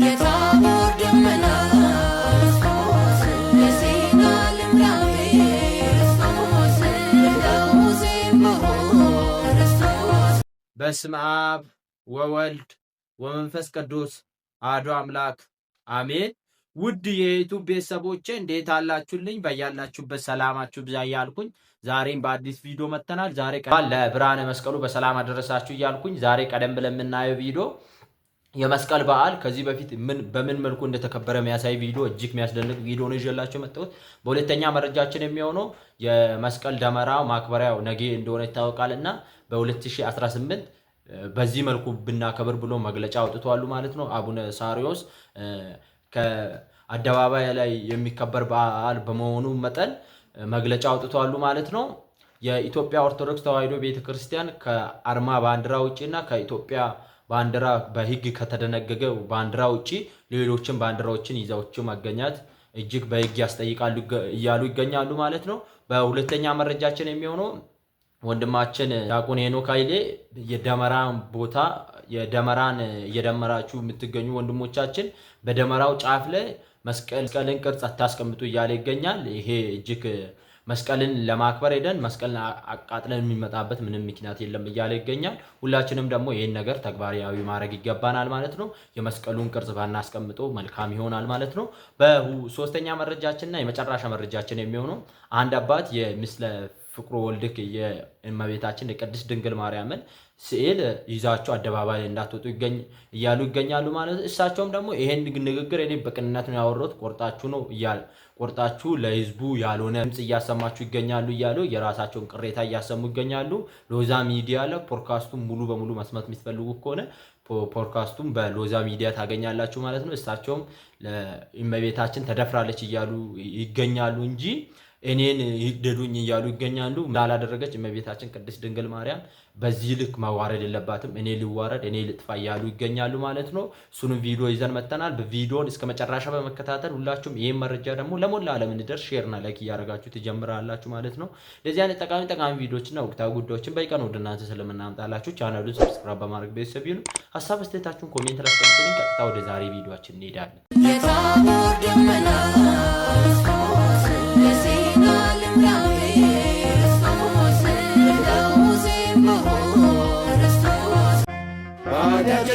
የታቦር አብ ወወልድ ወመንፈስ ቅዱስ አሐዱ አምላክ አሜን። ውድ የዩቱብ ቤተሰቦቼ እንዴት አላችሁልኝ? በያላችሁበት ሰላማችሁ ብዛ እያልኩኝ ዛሬም በአዲስ ቪዲዮ መጥተናል። ዛሬ ለብርሃነ መስቀሉ በሰላም አደረሳችሁ እያልኩኝ ዛሬ ቀደም ብለን የምናየው ቪዲዮ የመስቀል በዓል ከዚህ በፊት ምን በምን መልኩ እንደተከበረ የሚያሳይ ቪዲዮ እጅግ የሚያስደንቅ ቪዲዮ ነው ይዤላችሁ የመጣሁት። በሁለተኛ መረጃችን የሚሆነው የመስቀል ደመራ ማክበሪያው ነገ እንደሆነ ይታወቃል እና በ2018 በዚህ መልኩ ብናከብር ብሎ መግለጫ አውጥተዋል ማለት ነው። አቡነ ሳሪዎስ ከአደባባይ ላይ የሚከበር በዓል በመሆኑ መጠን መግለጫ አውጥተዋል ማለት ነው። የኢትዮጵያ ኦርቶዶክስ ተዋሕዶ ቤተክርስቲያን ከአርማ ባንዲራ ውጭና ከኢትዮጵያ ባንዲራ በህግ ከተደነገገ ባንዲራ ውጪ ሌሎችን ባንዲራዎችን ይዘዎቹ መገኘት እጅግ በህግ ያስጠይቃሉ እያሉ ይገኛሉ ማለት ነው። በሁለተኛ መረጃችን የሚሆነው ወንድማችን ዲያቆን ሄኖክ ኃይሌ የደመራን ቦታ የደመራን እየደመራችሁ የምትገኙ ወንድሞቻችን በደመራው ጫፍ ላይ መስቀልን ቅርጽ አታስቀምጡ እያለ ይገኛል። ይሄ እጅግ መስቀልን ለማክበር ሄደን መስቀልን አቃጥለን የሚመጣበት ምንም ምክንያት የለም እያለ ይገኛል። ሁላችንም ደግሞ ይህን ነገር ተግባራዊ ማድረግ ይገባናል ማለት ነው። የመስቀሉን ቅርጽ ባናስቀምጦ መልካም ይሆናል ማለት ነው። በሶስተኛ መረጃችንና የመጨረሻ መረጃችን የሚሆነው አንድ አባት የምስለ ፍቅሩ ወልድክ የእመቤታችን የቅድስት ድንግል ማርያምን ስዕል ይዛቸው አደባባይ እንዳትወጡ እያሉ ይገኛሉ ማለት እሳቸውም ደግሞ ይሄን ንግግር እኔ በቅንነት ነው ያወሮት ቆርጣችሁ ነው እያለ ቆርጣችሁ ለህዝቡ ያልሆነ ድምፅ እያሰማችሁ ይገኛሉ እያሉ የራሳቸውን ቅሬታ እያሰሙ ይገኛሉ። ሎዛ ሚዲያ ላይ ፖድካስቱን ሙሉ በሙሉ መስማት የሚትፈልጉ ከሆነ ፖድካስቱን በሎዛ ሚዲያ ታገኛላችሁ ማለት ነው። እሳቸውም እመቤታችን ተደፍራለች እያሉ ይገኛሉ እንጂ እኔን ይደዱኝ እያሉ ይገኛሉ። ላላደረገች እመቤታችን ቅድስት ድንግል ማርያም በዚህ ልክ መዋረድ የለባትም። እኔ ልዋረድ፣ እኔ ልጥፋ እያሉ ይገኛሉ ማለት ነው። እሱንም ቪዲዮ ይዘን መተናል። በቪዲዮን እስከ መጨረሻ በመከታተል ሁላችሁም ይህም መረጃ ደግሞ ለሞላ ዓለም እንዲደርስ ሼርና ላይክ እያደረጋችሁ ትጀምራላችሁ ማለት ነው። ለዚህ አይነት ጠቃሚ ጠቃሚ ቪዲዮዎችና ወቅታዊ ጉዳዮችን በቀን ወደ እናንተ ስለምናምጣላችሁ ቻናሉን ሰብስክራይብ በማድረግ ቤተሰብ ይሁኑ። ሀሳብ አስተያየታችሁን ኮሜንት ላስቀምጡልኝ። ቀጥታ ወደ ዛሬ ቪዲዮችን እንሄዳለን።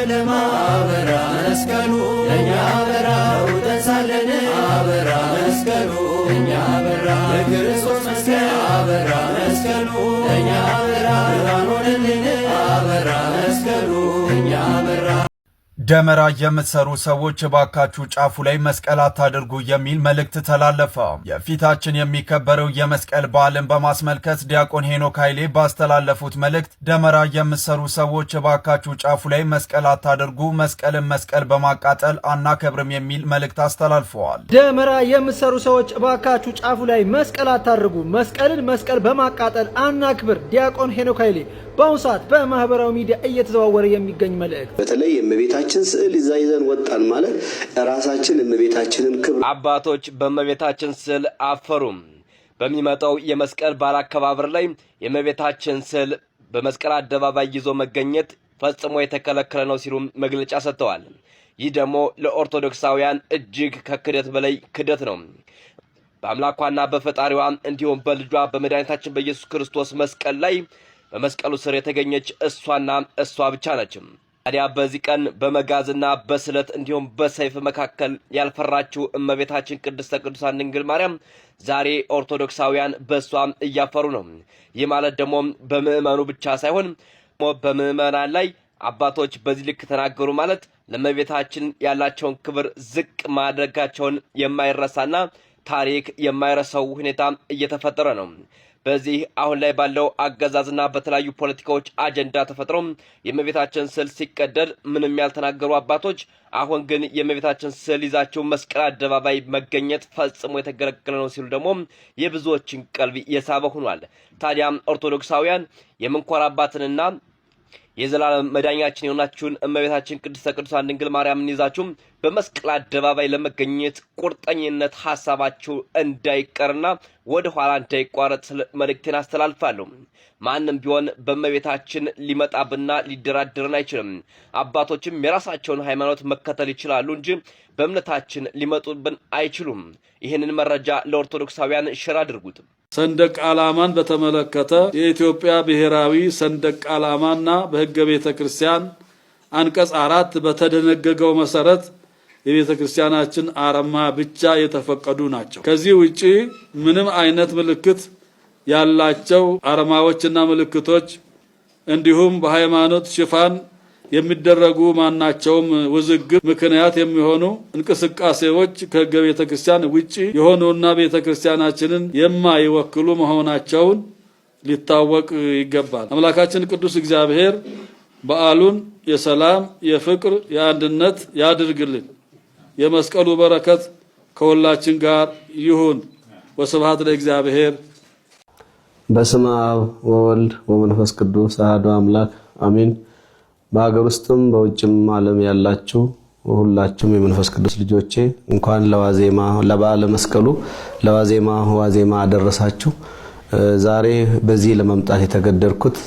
አበራ መስቀሉ እኛ በራ ውጠሳለን አበራ መስቀሉ እኛ በራ ለክርስቶስ መስቀል አበራ መስቀሉ እኛ በራ ብርሃን ሆነልን አበራ መስቀሉ እኛ ደመራ የምትሰሩ ሰዎች እባካችሁ ጫፉ ላይ መስቀል አታድርጉ የሚል መልእክት ተላለፈ። የፊታችን የሚከበረው የመስቀል በዓልን በማስመልከት ዲያቆን ሄኖክ ኃይሌ ባስተላለፉት መልእክት ደመራ የምትሰሩ ሰዎች እባካችሁ ጫፉ ላይ መስቀል አታድርጉ፣ መስቀልን መስቀል በማቃጠል አናከብርም የሚል መልእክት አስተላልፈዋል። ደመራ የምትሰሩ ሰዎች እባካችሁ ጫፉ ላይ መስቀል አታድርጉ፣ መስቀልን መስቀል በማቃጠል አናክብር። ዲያቆን ሄኖክ ኃይሌ በአሁኑ ሰዓት በማህበራዊ ሚዲያ እየተዘዋወረ የሚገኝ መልእክት በተለይ የእመቤታችን ስዕል ይዛ ይዘን ወጣን ማለት ራሳችን እመቤታችንን ክብር አባቶች በእመቤታችን ስዕል አፈሩም። በሚመጣው የመስቀል በዓል አከባበር ላይ የእመቤታችን ስዕል በመስቀል አደባባይ ይዞ መገኘት ፈጽሞ የተከለከለ ነው ሲሉም መግለጫ ሰጥተዋል። ይህ ደግሞ ለኦርቶዶክሳውያን እጅግ ከክደት በላይ ክደት ነው። በአምላኳና በፈጣሪዋ እንዲሁም በልጇ በመድኃኒታችን በኢየሱስ ክርስቶስ መስቀል ላይ በመስቀሉ ስር የተገኘች እሷና እሷ ብቻ ነች። ታዲያ በዚህ ቀን በመጋዝና በስለት እንዲሁም በሰይፍ መካከል ያልፈራችው እመቤታችን ቅድስተ ቅዱሳን ድንግል ማርያም ዛሬ ኦርቶዶክሳውያን በእሷም እያፈሩ ነው። ይህ ማለት ደግሞ በምዕመኑ ብቻ ሳይሆን በምዕመናን ላይ አባቶች በዚህ ልክ ተናገሩ ማለት ለእመቤታችን ያላቸውን ክብር ዝቅ ማድረጋቸውን የማይረሳና ታሪክ የማይረሳው ሁኔታ እየተፈጠረ ነው። በዚህ አሁን ላይ ባለው አገዛዝና በተለያዩ ፖለቲካዎች አጀንዳ ተፈጥሮ የእመቤታችን ስዕል ሲቀደድ ምንም ያልተናገሩ አባቶች አሁን ግን የእመቤታችን ስዕል ይዛቸው መስቀል አደባባይ መገኘት ፈጽሞ የተገለገለ ነው ሲሉ ደግሞ የብዙዎችን ቀልብ የሳበ ሆኗል። ታዲያም ኦርቶዶክሳውያን የምንኮራባትንና የዘላለም መዳኛችን የሆናችሁን እመቤታችን ቅድስተ ቅዱሳን ድንግል ማርያምን ይዛችሁም በመስቀል አደባባይ ለመገኘት ቁርጠኝነት ሀሳባችሁ እንዳይቀርና ወደ ኋላ እንዳይቋረጥ መልእክቴን አስተላልፋለሁ። ማንም ቢሆን በእመቤታችን ሊመጣብና ሊደራደርን አይችልም። አባቶችም የራሳቸውን ሃይማኖት መከተል ይችላሉ እንጂ በእምነታችን ሊመጡብን አይችሉም። ይህንን መረጃ ለኦርቶዶክሳውያን ሽር አድርጉት። ሰንደቅ ዓላማን በተመለከተ የኢትዮጵያ ብሔራዊ ሰንደቅ ዓላማና በሕገ ቤተ ክርስቲያን አንቀጽ አራት በተደነገገው መሰረት የቤተ ክርስቲያናችን አርማ ብቻ የተፈቀዱ ናቸው። ከዚህ ውጪ ምንም አይነት ምልክት ያላቸው አርማዎችና ምልክቶች እንዲሁም በሃይማኖት ሽፋን የሚደረጉ ማናቸውም ውዝግብ ምክንያት የሚሆኑ እንቅስቃሴዎች ከህገ ቤተ ክርስቲያን ውጪ የሆኑና ቤተ ክርስቲያናችንን የማይወክሉ መሆናቸውን ሊታወቅ ይገባል። አምላካችን ቅዱስ እግዚአብሔር በዓሉን የሰላም፣ የፍቅር፣ የአንድነት ያድርግልን። የመስቀሉ በረከት ከሁላችን ጋር ይሁን። ወስብሐት ለእግዚአብሔር። በስመ አብ ወወልድ ወመንፈስ ቅዱስ አሐዱ አምላክ አሜን። በሀገር ውስጥም በውጭም ዓለም ያላችሁ ሁላችሁም የመንፈስ ቅዱስ ልጆቼ እንኳን ለዋዜማ ለበዓለ መስቀሉ ለዋዜማ ዋዜማ አደረሳችሁ። ዛሬ በዚህ ለመምጣት የተገደድኩት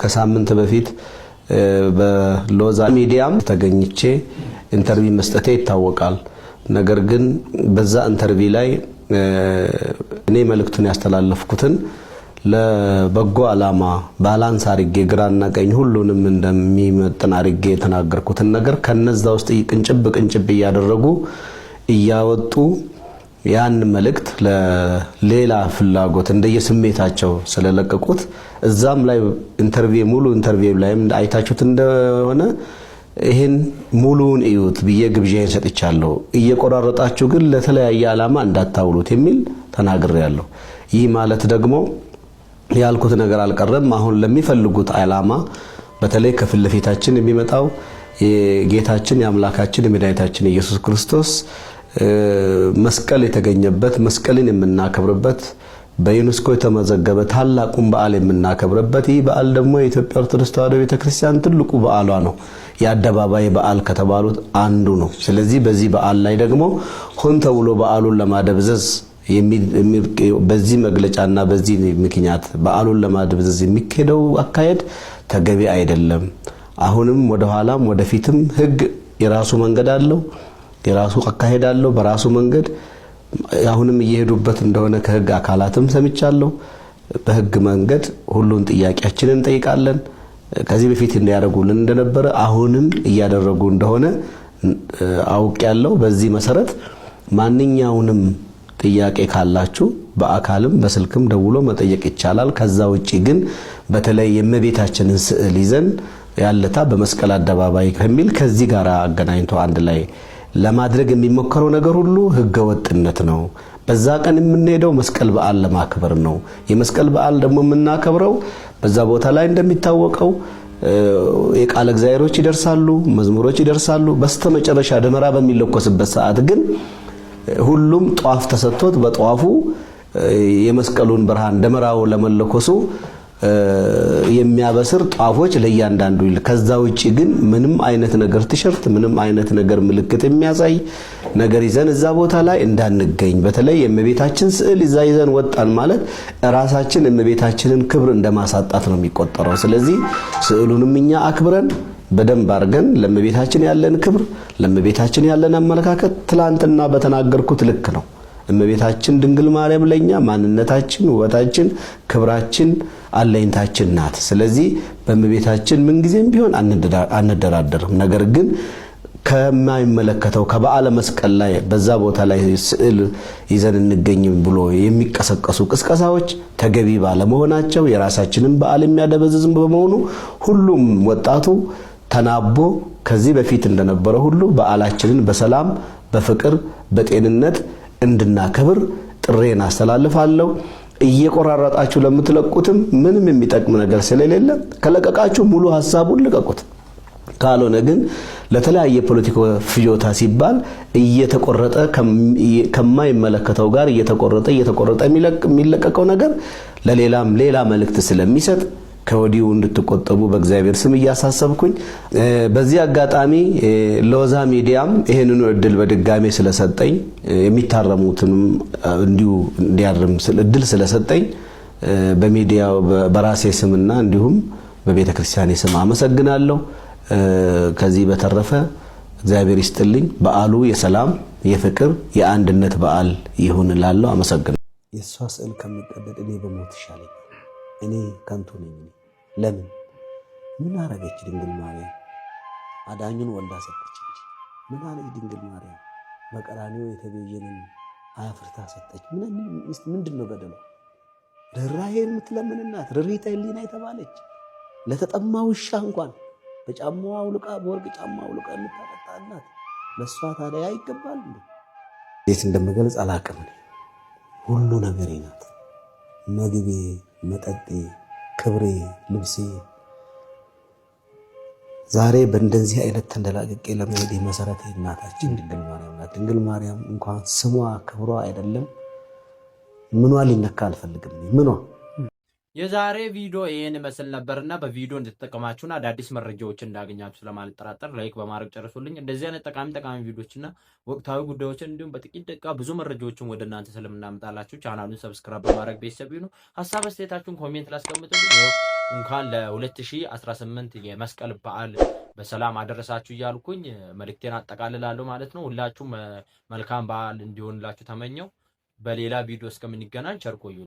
ከሳምንት በፊት በሎዛ ሚዲያም ተገኝቼ ኢንተርቪ መስጠቴ ይታወቃል። ነገር ግን በዛ ኢንተርቪ ላይ እኔ መልእክቱን ያስተላለፍኩትን ለበጎ አላማ ባላንስ አርጌ ግራና ቀኝ ሁሉንም እንደሚመጥን አርጌ የተናገርኩትን ነገር ከነዛ ውስጥ ቅንጭብ ቅንጭብ እያደረጉ እያወጡ ያን መልእክት ለሌላ ፍላጎት እንደየስሜታቸው ስለለቀቁት እዛም ላይ ኢንተርቪው ሙሉ ኢንተርቪው ላይም አይታችሁት እንደሆነ ይህን ሙሉውን እዩት ብዬ ግብዣዬን ሰጥቻለሁ። እየቆራረጣችሁ ግን ለተለያየ ዓላማ እንዳታውሉት የሚል ተናግሬያለሁ። ይህ ማለት ደግሞ ያልኩት ነገር አልቀረም። አሁን ለሚፈልጉት ዓላማ በተለይ ከፊት ለፊታችን የሚመጣው የጌታችን የአምላካችን የመድኃኒታችን ኢየሱስ ክርስቶስ መስቀል የተገኘበት መስቀልን የምናከብርበት በዩኔስኮ የተመዘገበ ታላቁን በዓል የምናከብርበት ይህ በዓል ደግሞ የኢትዮጵያ ኦርቶዶክስ ተዋሕዶ ቤተክርስቲያን ትልቁ በዓሏ ነው። የአደባባይ በዓል ከተባሉት አንዱ ነው። ስለዚህ በዚህ በዓል ላይ ደግሞ ሆን ተብሎ በዓሉን ለማደብዘዝ በዚህ መግለጫና በዚህ ምክንያት በዓሉን ለማድበዝበዝ የሚካሄደው አካሄድ ተገቢ አይደለም። አሁንም ወደኋላም ወደፊትም ህግ የራሱ መንገድ አለው፣ የራሱ አካሄድ አለው። በራሱ መንገድ አሁንም እየሄዱበት እንደሆነ ከህግ አካላትም ሰምቻለሁ። በህግ መንገድ ሁሉን ጥያቄያችንን እንጠይቃለን። ከዚህ በፊት እንዲያደርጉልን እንደነበረ አሁንም እያደረጉ እንደሆነ አውቅ ያለው በዚህ መሰረት ማንኛውንም ጥያቄ ካላችሁ በአካልም በስልክም ደውሎ መጠየቅ ይቻላል። ከዛ ውጭ ግን በተለይ የእመቤታችንን ስዕል ይዘን ያለታ በመስቀል አደባባይ ከሚል ከዚህ ጋር አገናኝቶ አንድ ላይ ለማድረግ የሚሞከረው ነገር ሁሉ ህገወጥነት ነው። በዛ ቀን የምንሄደው መስቀል በዓል ለማክበር ነው። የመስቀል በዓል ደግሞ የምናከብረው በዛ ቦታ ላይ እንደሚታወቀው የቃለ እግዚአብሔሮች ይደርሳሉ፣ መዝሙሮች ይደርሳሉ። በስተመጨረሻ ደመራ በሚለኮስበት ሰዓት ግን ሁሉም ጧፍ ተሰጥቶት በጧፉ የመስቀሉን ብርሃን ደመራው ለመለኮሱ የሚያበስር ጧፎች ለእያንዳንዱ ይል። ከዛ ውጭ ግን ምንም አይነት ነገር ቲሸርት፣ ምንም አይነት ነገር ምልክት የሚያሳይ ነገር ይዘን እዛ ቦታ ላይ እንዳንገኝ። በተለይ የእመቤታችን ስዕል ይዛ ይዘን ወጣን ማለት ራሳችን የእመቤታችንን ክብር እንደማሳጣት ነው የሚቆጠረው። ስለዚህ ስዕሉንም እኛ አክብረን በደንብ አድርገን ለእመቤታችን ያለን ክብር፣ ለእመቤታችን ያለን አመለካከት ትላንትና በተናገርኩት ልክ ነው። እመቤታችን ድንግል ማርያም ለኛ ማንነታችን፣ ውበታችን፣ ክብራችን፣ አለኝታችን ናት። ስለዚህ በእመቤታችን ምንጊዜም ቢሆን አንደራደርም። ነገር ግን ከማይመለከተው ከበዓለ መስቀል ላይ በዛ ቦታ ላይ ስዕል ይዘን እንገኝ ብሎ የሚቀሰቀሱ ቅስቀሳዎች ተገቢ ባለመሆናቸው የራሳችንን በዓል የሚያደበዝዝም በመሆኑ ሁሉም ወጣቱ ተናቦ ከዚህ በፊት እንደነበረ ሁሉ በዓላችንን በሰላም በፍቅር በጤንነት እንድናከብር ጥሬን አስተላልፋለሁ። እየቆራረጣችሁ ለምትለቁትም ምንም የሚጠቅም ነገር ስለሌለ ከለቀቃችሁ ሙሉ ሀሳቡን ልቀቁት። ካልሆነ ግን ለተለያየ ፖለቲካ ፍጆታ ሲባል እየተቆረጠ ከማይመለከተው ጋር እየተቆረጠ እየተቆረጠ የሚለቀቀው ነገር ለሌላም ሌላ መልእክት ስለሚሰጥ ከወዲሁ እንድትቆጠቡ በእግዚአብሔር ስም እያሳሰብኩኝ በዚህ አጋጣሚ ሎዛ ሚዲያም ይህንኑ እድል በድጋሜ ስለሰጠኝ የሚታረሙትንም እንዲሁ እንዲያርም እድል ስለሰጠኝ በሚዲያው በራሴ ስምና እንዲሁም በቤተ ክርስቲያን ስም አመሰግናለሁ። ከዚህ በተረፈ እግዚአብሔር ይስጥልኝ። በዓሉ የሰላም የፍቅር፣ የአንድነት በዓል ይሁን እላለሁ። አመሰግናለሁ። የእሷ ስዕል ከምቀደድ እኔ በሞት ይሻለኝ። እኔ ከንቱ ነኝ። ለምን ምን አረገች ድንግል ማርያም? አዳኙን ወልዳ ሰጠች እንጂ ምን አለች ድንግል ማርያም? በቀራንዮ የተቤዥንን አፍርታ ሰጠች። ምንድን ነው በደሏ? ርራሄ የምትለምንናት ርሪተ ሕሊና የተባለች ለተጠማ ውሻ እንኳን በጫማዋ አውልቃ በወርቅ ጫማ አውልቃ የምታጠጣናት ለእሷ ታዲያ ይገባል እንዴ? እንዴት እንደምገልጽ አላቅም። ሁሉ ነገሬ ናት፣ መግቤ መጠጤ፣ ክብሬ፣ ልብሴ ዛሬ በእንደዚህ አይነት ተንደላቅቄ ለመሄድ መሰረቴ እናታችን ድንግል ማርያም ናት። ድንግል ማርያም እንኳን ስሟ ክብሯ አይደለም ምኗ ሊነካ አልፈልግም። ምኗ የዛሬ ቪዲዮ ይህን ይመስል ነበርና በቪዲዮ እንደተጠቀማችሁና አዳዲስ መረጃዎች እንዳገኛችሁ ስለማልጠራጠር ላይክ በማድረግ ጨርሱልኝ። እንደዚህ አይነት ጠቃሚ ጠቃሚ ቪዲዮዎችና ወቅታዊ ጉዳዮችን እንዲሁም በጥቂት ደቂቃ ብዙ መረጃዎችን ወደ እናንተ ስለምናመጣላችሁ ቻናሉን ሰብስክራይብ በማድረግ ቤተሰብ ይሁኑ። ሀሳብ አስተያየታችሁን ኮሜንት ላስቀምጡልኝ። እንኳን ለ2018 የመስቀል በዓል በሰላም አደረሳችሁ እያልኩኝ መልእክቴን አጠቃልላለሁ ማለት ነው። ሁላችሁም መልካም በዓል እንዲሆንላችሁ ተመኘው። በሌላ ቪዲዮ እስከምንገናኝ ቸር ቆዩ።